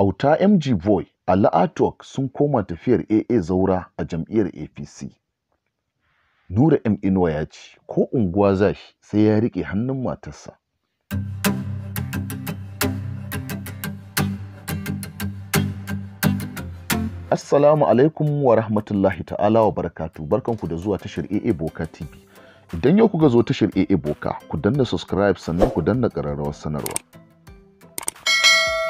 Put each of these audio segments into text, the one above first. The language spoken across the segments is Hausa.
Auta M.G. boy a Artwork sun koma tafiyar AA Zaura a jam'iyyar APC Nura M Inuwa ya ce ko unguwa za shi sai ya riƙe hannun matarsa. Assalamu alaikum wa rahmatullahi ta'ala wa barakatu barkanku da zuwa tashar AA Boka TV. Idan yau kuka zo tashar AA Boka, ku danna subscribe sannan ku danna ƙararrawar sanarwa.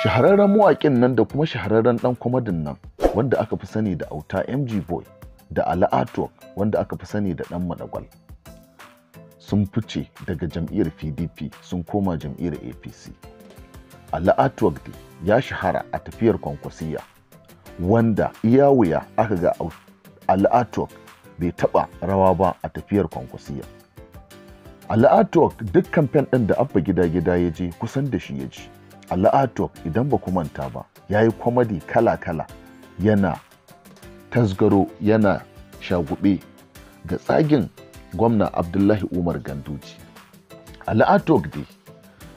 shahararren mawaƙin nan da kuma shahararren ɗan kwamadin nan wanda aka fi sani da auta mg boy da ala artwork wanda aka fi sani da ɗan madagwal sun fice daga jam'iyyar pdp sun koma jam'iyyar apc ala artwork ya shahara a tafiyar kwankwasiya wanda iya wuya aka ga ala artwork bai taɓa rawa ba a tafiyar kwankwasiya ala artwork duk kamfen ɗin da abba gida gida ya je kusan da shi ya ji ala'atok idan ba ku manta ba ya yi kwamadi kala-kala yana tasgaro yana shagube ga tsagin gwamna abdullahi umar ganduji ala'atok dai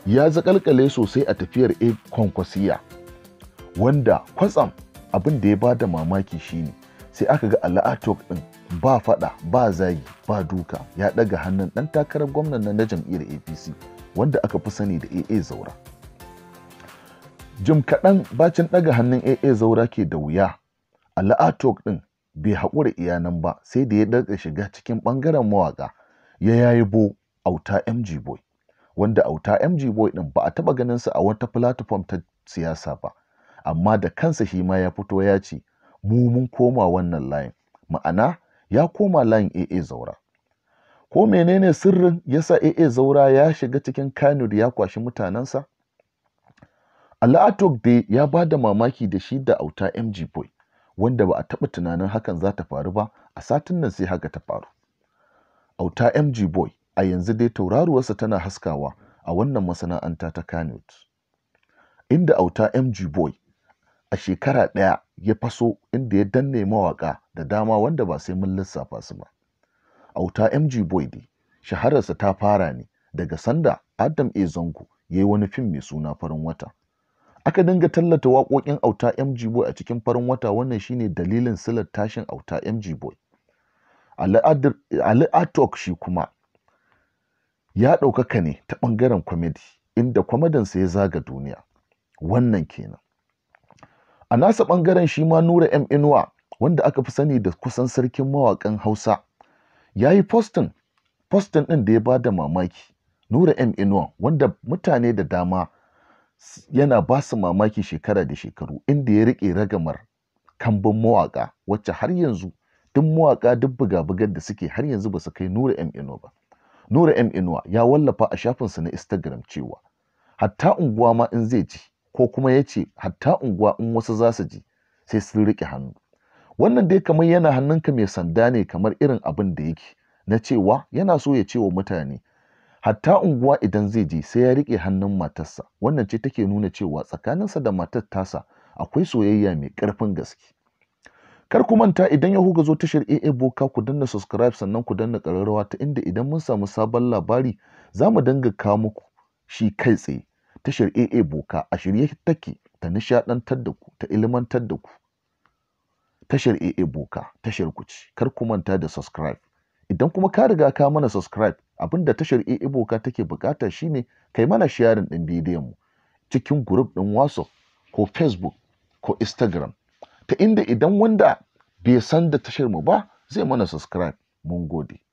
ya zakalkale sosai a tafiyar a kwankwasiya wanda kwatsam abin da ya ba da mamaki shine sai aka ga ala'atok din ba fada ba zagi ba duka ya daga hannun dan takarar gwamnan na jam'iyyar apc wanda aka fi sani da aa zaura jim kaɗan bacin ɗaga hannun aa zaura ke da wuya a la'atok ɗin bai haƙura iyanan ba sai da ya daga shiga cikin ɓangaren mawaƙa ya yayi bo auta mg boy wanda auta mg boy ɗin ba a taɓa ganin sa a wata platform ta siyasa ba amma da kansa shi ma ya fito ya ce mu mun koma wannan layin ma'ana ya koma layin aa zaura ko menene sirrin yasa aa zaura ya shiga cikin kanud ya kwashi mutanensa Ala dai ya ba da mamaki da shi da auta mg boy wanda ba a taɓa tunanin hakan za ta faru ba, a satin nan sai haka ta faru. Auta mg boy a yanzu dai tauraruwarsa tana haskawa a wannan masana'anta ta Kannywood. Inda auta MG boy a shekara ɗaya ya faso inda ya danne mawaƙa da dama wanda ba sai mun lissafa su ba. Auta MG boy dai shahararsa ta fara ne daga sanda Adam A. Zango ya yi wani fim mai suna Farin Wata. Aka dinga tallata waƙoƙin Auta mg Boy a cikin Farin Wata wannan shi dalilin silar tashin Auta mg Boy. Ali atok shi kuma ya ɗaukaka ne ta ɓangaren kwamedi, inda kwamedinsa ya zaga duniya. Wannan kenan. A nasa ɓangaren shi ma Nura M. Inuwa, wanda aka fi sani da kusan sarkin mawaƙan Hausa, ya yi postin, ɗin da ya ba da mamaki. Nura M. Inuwa, wanda mutane da dama yana ba su mamaki shekara da shekaru inda ya riƙe ragamar kambun mawaƙa wacce har yanzu duk mawaƙa duk buga-bugar da suke har yanzu ba su kai Nura M Inuwa ba. Nura M Inuwa ya wallafa a shafinsa na Instagram cewa hatta unguwa ma in zai ji ko kuma ya ce hatta unguwa in wasu za su ji sai sun riƙe hannu. Wannan dai kamar yana hannunka mai sanda ne kamar irin abin da yake na cewa yana so ya ce wa mutane hatta unguwa idan zai je sai ya riƙe hannun matarsa wannan ce take nuna cewa tsakaninsa da matar tasa akwai soyayya mai ƙarfin gaske kar ku manta idan ya huga zo tashar AA Boka ku danna subscribe sannan ku danna ƙararrawa ta inda idan mun samu sabon labari za mu dinga kawo muku shi kai tsaye tashar AA Boka a shirye take ta nishaɗantar da ku ta ilmantar da ku tashar AA Boka tashar ku ce kar ku manta da subscribe idan kuma ka riga ka mana subscribe abin da tashar iboka take bukata shine kai mana sharing ɗin bidiyon mu cikin group din whatsapp ko facebook ko instagram ta inda idan wanda bai san da tashar mu ba zai mana subscribe mun gode